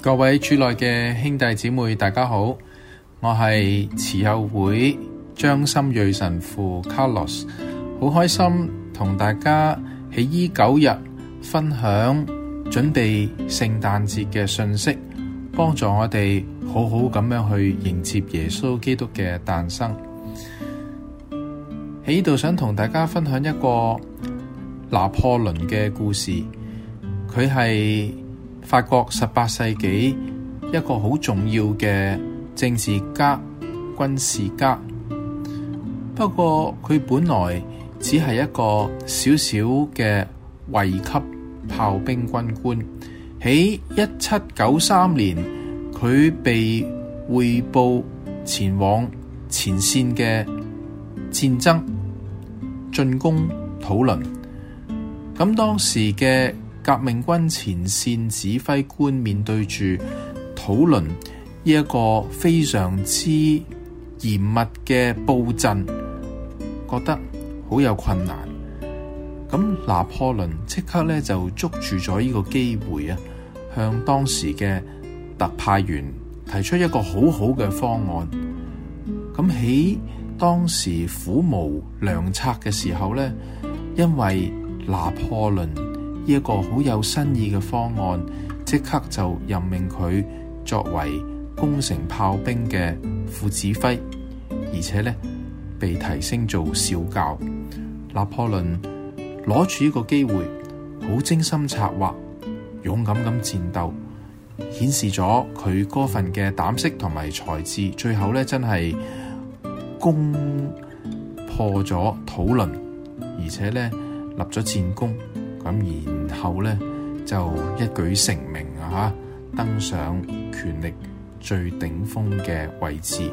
各位主內嘅兄弟姊妹，大家好，我係慈幼會張心銳神父 Carlos。好開心同大家喺依九日分享準備聖誕節嘅信息，幫助我哋好好咁樣去迎接耶穌基督嘅誕生。喺呢度想同大家分享一個拿破崙嘅故事，佢係。法國十八世紀一個好重要嘅政治家、軍事家，不過佢本來只係一個小小嘅尉級炮兵軍官。喺一七九三年，佢被匯報前往前線嘅戰爭進攻土倫。咁當時嘅。革命軍前線指揮官面對住土倫呢一個非常之嚴密嘅佈陣，覺得好有困難。咁拿破崙即刻咧就捉住咗呢個機會啊，向當時嘅特派員提出一個好好嘅方案。咁喺當時苦無良策嘅時候呢，因為拿破崙。呢一個好有新意嘅方案，即刻就任命佢作為攻城炮兵嘅副指揮，而且呢，被提升做少校。拿破崙攞住呢個機會，好精心策劃，勇敢咁戰鬥，顯示咗佢嗰份嘅膽識同埋才智。最後呢，真係攻破咗土倫，而且呢，立咗戰功。咁，然後咧就一舉成名啊！登上權力最頂峰嘅位置。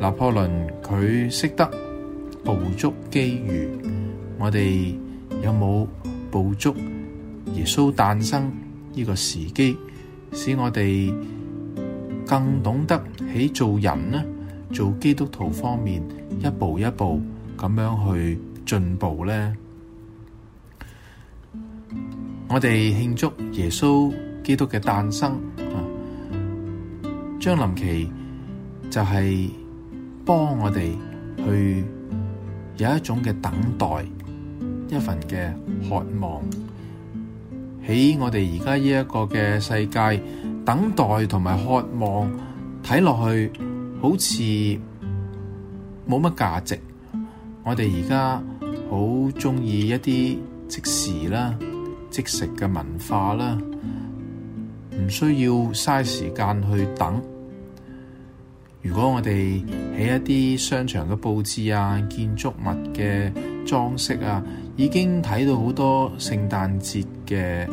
拿破崙佢識得捕捉機遇，我哋有冇捕捉耶穌誕生呢個時機，使我哋更懂得喺做人呢做基督徒方面，一步一步咁樣去進步咧，我哋慶祝耶穌基督嘅誕生。將臨期就係幫我哋去有一種嘅等待，一份嘅渴望。喺我哋而家呢一個嘅世界，等待同埋渴望睇落去，好似冇乜價值。我哋而家好鍾意一啲即時啦、即食嘅文化啦，唔需要嘥時間去等。如果我哋喺一啲商場嘅佈置啊、建築物嘅裝飾啊，已經睇到好多聖誕節嘅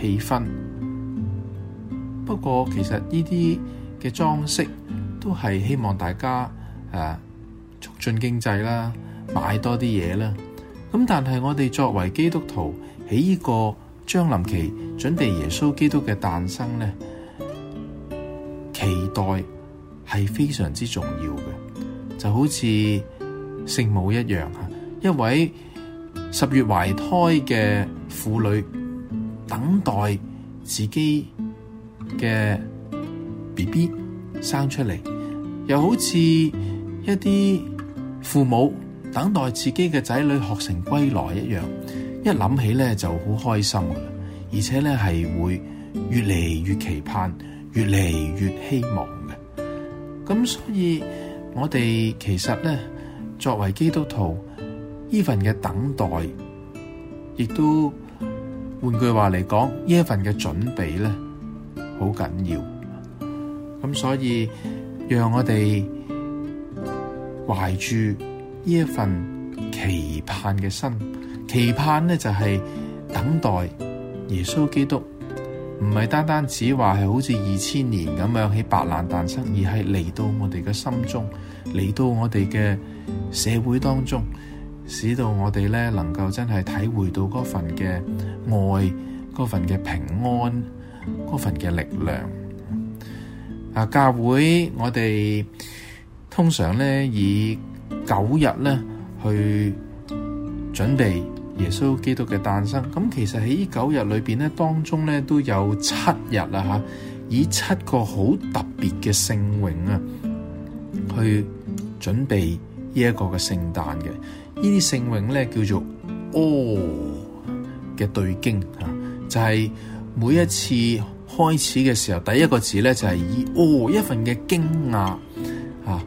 氣氛。不過，其實呢啲嘅裝飾都係希望大家誒，啊促進經濟啦，買多啲嘢啦。咁但係我哋作為基督徒喺呢個將臨期準備耶穌基督嘅誕生咧，期待係非常之重要嘅，就好似聖母一樣啊，一位十月懷胎嘅婦女等待自己嘅 BB 生出嚟，又好似一啲。父母等待自己嘅仔女學成歸來一樣，一諗起咧就好開心噶啦，而且咧係會越嚟越期盼，越嚟越希望嘅。咁所以我哋其實咧，作為基督徒，呢份嘅等待，亦都換句話嚟講，呢一份嘅準備咧，好緊要。咁所以讓我哋。懷住呢一份期盼嘅心，期盼咧就係、是、等待耶穌基督，唔係單單只話係好似二千年咁樣喺白冷誕生，而係嚟到我哋嘅心中，嚟到我哋嘅社會當中，使到我哋咧能夠真係體會到嗰份嘅愛，嗰份嘅平安，嗰份嘅力量。啊，教會我哋。通常咧，以九日咧去準備耶穌基督嘅誕生，咁其實喺呢九日裏邊咧當中咧都有七日啦吓，以七個好特別嘅聖詠啊，去準備呢一個嘅聖誕嘅，誕呢啲聖詠咧叫做哦嘅對經吓，就係、是、每一次開始嘅時候，第一個字咧就係、是、以哦一份嘅驚訝啊。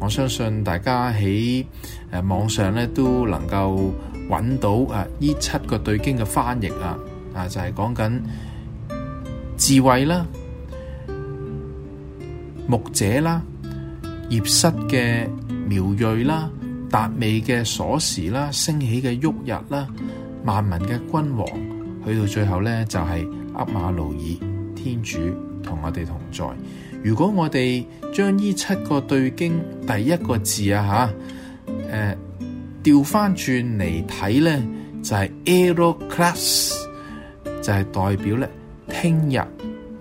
我相信大家喺誒網上咧都能夠揾到啊！呢七個對經嘅翻譯啊，啊就係講緊智慧啦、牧者啦、葉瑟嘅苗裔啦、達味嘅鎖匙啦、升起嘅旭日啦、萬民嘅君王，去到最後咧就係厄瑪奴耳，天主同我哋同在。如果我哋將呢七個對經第一個字啊吓，誒調翻轉嚟睇咧，就係、是、ERO CRAS，就係代表咧，聽日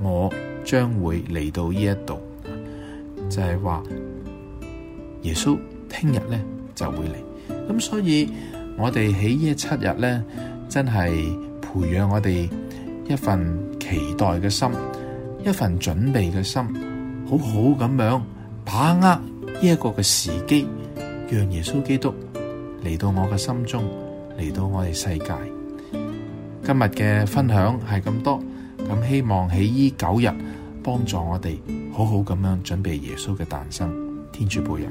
我將會嚟到呢一度，就係、是、話耶穌聽日咧就會嚟，咁所以我哋喺呢七日咧，真係培養我哋一份期待嘅心。一份準備嘅心，好好咁樣把握呢一個嘅時機，讓耶穌基督嚟到我嘅心中，嚟到我哋世界。今日嘅分享係咁多，咁希望喺呢九日幫助我哋好好咁樣準備耶穌嘅誕生。天主保佑。